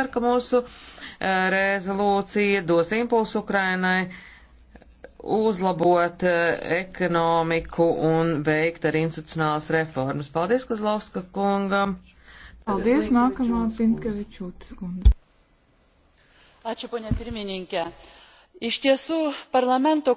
ceru, ka mūsu eh, rezolūcija dos impulsu Ukrainai uzlabot eh, ekonomiku un veikt arī institucionālas reformas. Paldies, Kazlovska kungam! Paldies, nākamā Pinkavičūtas kundze. Ačiū, ponia pirmininkė. Iš tiesų, parlamento